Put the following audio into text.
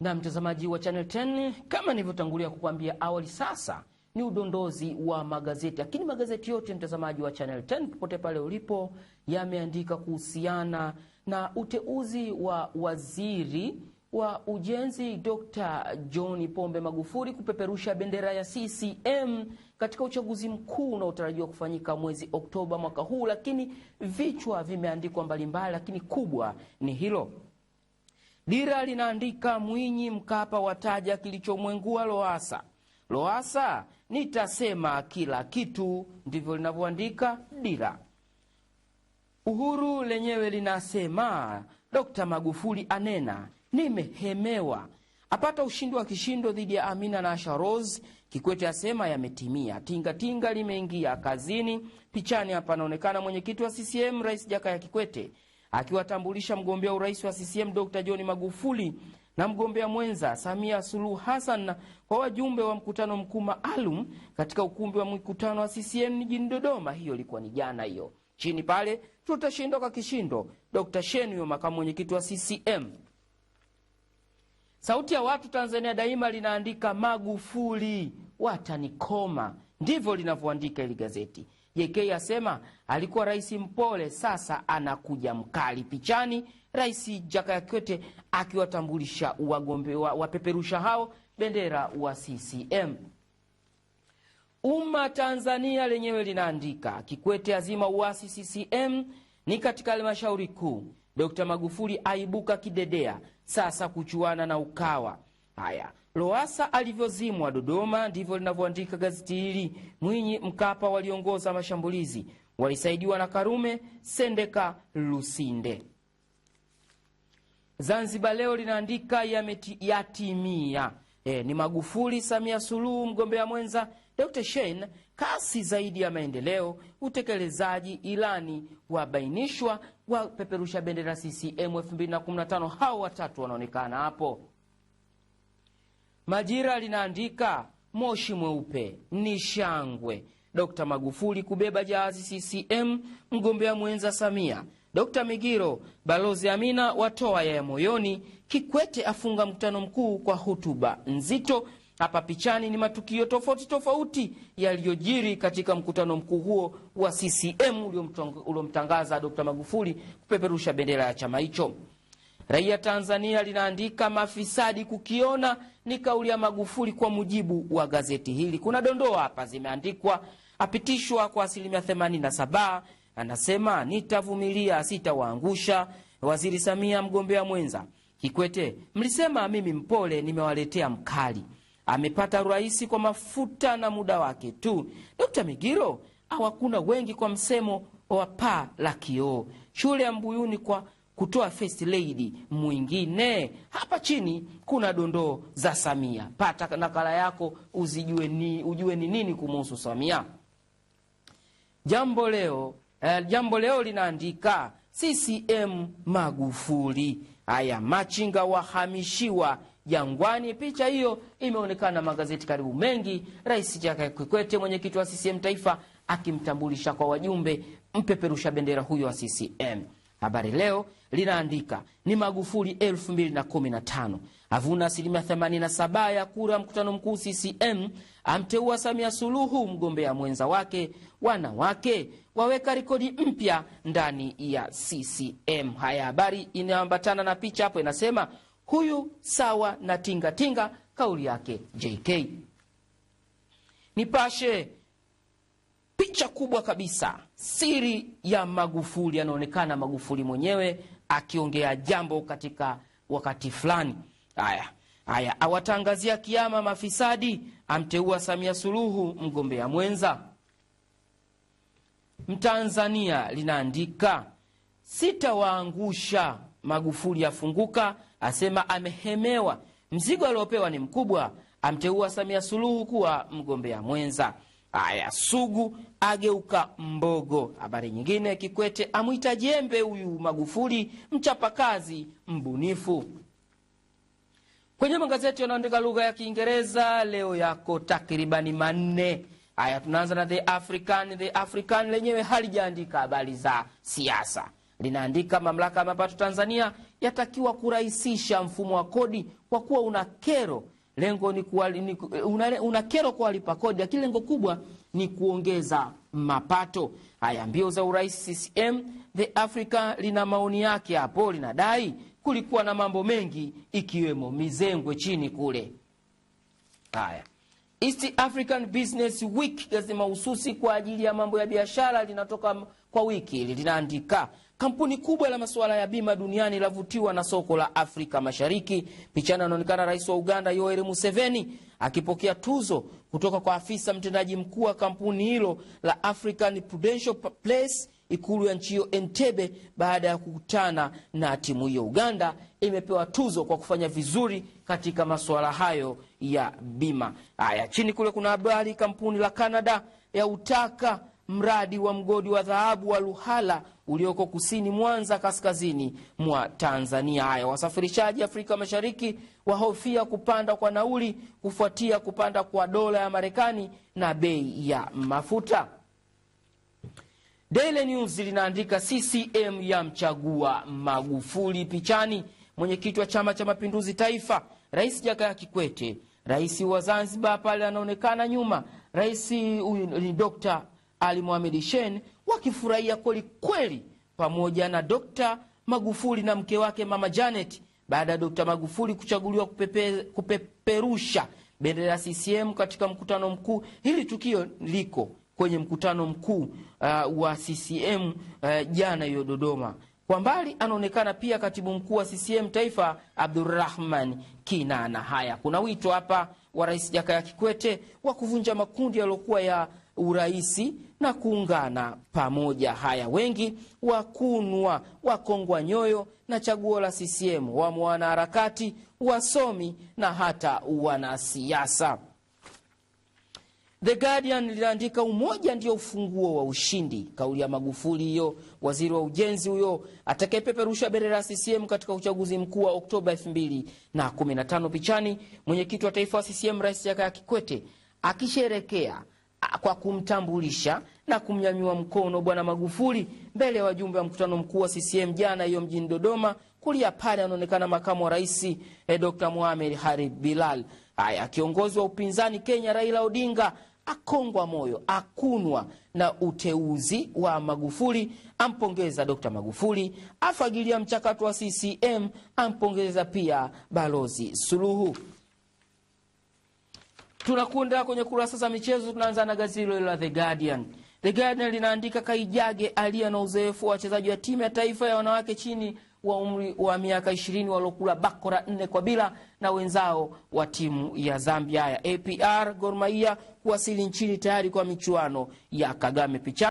Na mtazamaji wa Channel 10, kama nilivyotangulia kukuambia awali, sasa ni udondozi wa magazeti, lakini magazeti yote mtazamaji wa Channel 10 popote pale ulipo, yameandika kuhusiana na uteuzi wa waziri wa ujenzi Dr. John Pombe Magufuli kupeperusha bendera ya CCM katika uchaguzi mkuu unaotarajiwa kufanyika mwezi Oktoba mwaka huu, lakini vichwa vimeandikwa mbalimbali, lakini kubwa ni hilo. Dira linaandika Mwinyi, Mkapa wataja kilichomwengua Loasa. Loasa, nitasema kila kitu, ndivyo linavyoandika Dira. Uhuru lenyewe linasema Dr. Magufuli anena nimehemewa, apata ushindi wa kishindo dhidi ya Amina na Asha Rose. Kikwete asema yametimia. Tingatinga limeingia kazini. Pichani hapa anaonekana mwenyekiti wa CCM Rais Jakaya Kikwete akiwatambulisha mgombea urais wa CCM Dr. John Magufuli na mgombea mwenza Samia Suluhu Hassan kwa wajumbe wa mkutano mkuu maalum katika ukumbi wa mkutano wa CCM jijini Dodoma. Hiyo ilikuwa ni jana hiyo. Chini pale tutashindwa kwa kishindo, Dr. huyo makamu mwenyekiti wa CCM. Sauti ya Watu Tanzania Daima linaandika Magufuli watanikoma, ndivyo linavyoandika hili gazeti. JK asema alikuwa rais mpole, sasa anakuja mkali. Pichani Rais Jakaya Kikwete akiwatambulisha wagombea wapeperusha hao bendera wa CCM. Umma Tanzania lenyewe linaandika Kikwete azima uasi CCM ni katika halmashauri kuu. Dkt Magufuli aibuka kidedea, sasa kuchuana na Ukawa. Haya, Lowassa alivyozimwa Dodoma ndivyo linavyoandika gazeti hili. Mwinyi, Mkapa waliongoza mashambulizi, walisaidiwa na Karume, Sendeka, Lusinde. Zanzibar Leo linaandika yatimia, ya e, ni Magufuli, Samia Suluhu mgombea mwenza, Dr. Shein, kasi zaidi ya maendeleo, utekelezaji ilani wabainishwa, wapeperusha bendera CCM 2015. Hao watatu wanaonekana hapo. Majira linaandika moshi mweupe ni shangwe, d Magufuli kubeba jahazi CCM, mgombea mwenza Samia, d Migiro, Balozi Amina watoa yaya moyoni, Kikwete afunga mkutano mkuu kwa hutuba nzito. Hapa pichani ni matukio tofauti tofauti yaliyojiri katika mkutano mkuu huo wa CCM uliomtangaza d Magufuli kupeperusha bendera ya chama hicho. Raia Tanzania linaandika mafisadi kukiona, ni kauli ya Magufuli kwa mujibu wa gazeti hili. Kuna dondoo hapa zimeandikwa, apitishwa kwa asilimia 87, anasema nitavumilia, sitawaangusha. Waziri Samia mgombea mwenza. Kikwete, mlisema mimi mpole, nimewaletea mkali. Amepata rais kwa mafuta na muda wake tu. Dkt. Migiro, awakuna wengi kwa msemo wa paa la kioo. Shule ya Mbuyuni kwa kutoa first lady mwingine. Hapa chini kuna dondoo za Samia, pata nakala yako uzijue ni, ujue ni nini kumuhusu Samia. Jambo Leo, eh, Jambo Leo linaandika CCM Magufuli, haya machinga wahamishiwa Jangwani. Picha hiyo imeonekana magazeti karibu mengi. Rais Jakaya Kikwete, mwenyekiti wa CCM Taifa, akimtambulisha kwa wajumbe mpeperusha bendera huyo wa CCM. Habari Leo linaandika ni Magufuli 2015 avuna asilimia 87 ya kura mkutano mkuu CCM, amteua Samia Suluhu mgombea mwenza wake, wanawake waweka rekodi mpya ndani ya CCM. Haya, habari inayoambatana na picha hapo inasema huyu sawa na tingatinga, kauli yake JK. Nipashe picha kubwa kabisa, siri ya Magufuli. Anaonekana Magufuli mwenyewe akiongea jambo katika wakati fulani. Haya haya, awatangazia kiama mafisadi, amteua Samia Suluhu mgombea mwenza. Mtanzania linaandika sitawaangusha. Magufuli afunguka, asema amehemewa, mzigo aliopewa ni mkubwa, amteua Samia Suluhu kuwa mgombea mwenza aya Sugu ageuka mbogo. Habari nyingine, Kikwete amwita jembe huyu Magufuli, mchapakazi mbunifu. Kwenye magazeti yanaandika lugha ya Kiingereza leo yako takribani manne. Haya, tunaanza na The African. The African lenyewe halijaandika habari za siasa, linaandika mamlaka ya mapato Tanzania yatakiwa kurahisisha mfumo wa kodi kwa kuwa una kero lengo ni kuwa, ni, una, una kero kwa walipa kodi, lakini lengo kubwa ni kuongeza mapato. Haya, mbio za urais CCM, The Africa lina maoni yake hapo, linadai kulikuwa na mambo mengi ikiwemo mizengwe chini kule. Haya, East African Business Week, gazeti mahususi kwa ajili ya mambo ya biashara, linatoka kwa wiki hili, linaandika Kampuni kubwa la masuala ya bima duniani lavutiwa na soko la Afrika Mashariki. pichana anaonekana rais wa Uganda Yoweri Museveni akipokea tuzo kutoka kwa afisa mtendaji mkuu wa kampuni hilo la African Prudential Place ikulu ya nchi hiyo Entebbe, baada ya kukutana na timu hiyo. Uganda imepewa tuzo kwa kufanya vizuri katika masuala hayo ya bima. Haya, chini kule kuna habari, kampuni la Canada ya utaka mradi wa mgodi wa dhahabu wa Luhala ulioko kusini Mwanza, kaskazini mwa Tanzania. Haya, wasafirishaji Afrika Mashariki wahofia kupanda kwa nauli kufuatia kupanda kwa dola ya Marekani na bei ya mafuta. Daily News linaandika CCM yamchagua Magufuli pichani. Mwenyekiti wa Chama cha Mapinduzi Taifa, Rais Jakaya Kikwete. Rais wa Zanzibar pale anaonekana nyuma, rais huyu ni Dr. Ali Mohamed Shein wakifurahia kweli kweli pamoja na Dr. Magufuli na mke wake Mama Janet baada ya Dokta Magufuli kuchaguliwa kupepe, kupeperusha bendera ya CCM katika mkutano mkuu. Hili tukio liko kwenye mkutano mkuu uh, wa CCM uh, jana hiyo Dodoma. Kwa mbali anaonekana pia katibu mkuu wa CCM taifa Abdurrahman Kinana. Haya, kuna wito hapa wa Rais Jakaya Kikwete wa kuvunja makundi yaliyokuwa ya uraisi na kuungana pamoja. Haya, wengi wakunwa wakongwa nyoyo na chaguo la CCM, wamo wanaharakati, wasomi na hata wanasiasa. The Guardian liliandika umoja ndio ufunguo wa ushindi. Kauli ya Magufuli hiyo, waziri wa ujenzi huyo atakayepeperusha bendera ya CCM katika uchaguzi mkuu wa Oktoba 2015. Pichani mwenyekiti wa taifa wa CCM Rais Jakaya Kikwete akisherekea kwa kumtambulisha na kumnyanyua mkono Bwana Magufuli mbele ya wajumbe wa mkutano mkuu wa CCM jana hiyo mjini Dodoma. Kulia pale anaonekana makamu wa rais eh, Dr. Mohamed Harib Bilal. Haya, kiongozi wa upinzani Kenya Raila Odinga akongwa moyo akunwa na uteuzi wa Magufuli, ampongeza Dr. Magufuli, afagilia mchakato wa CCM, ampongeza pia Balozi Suluhu. Tunakwenda kwenye kurasa za michezo, tunaanza na gazeti hilo la The Guardian. The Guardian linaandika Kaijage aliye na uzoefu wa wachezaji wa timu ya taifa ya wanawake chini wa umri wa miaka 20 waliokula bakora nne kwa bila na wenzao wa timu ya Zambia ya APR Gor Mahia kuwasili nchini tayari kwa michuano ya Kagame picha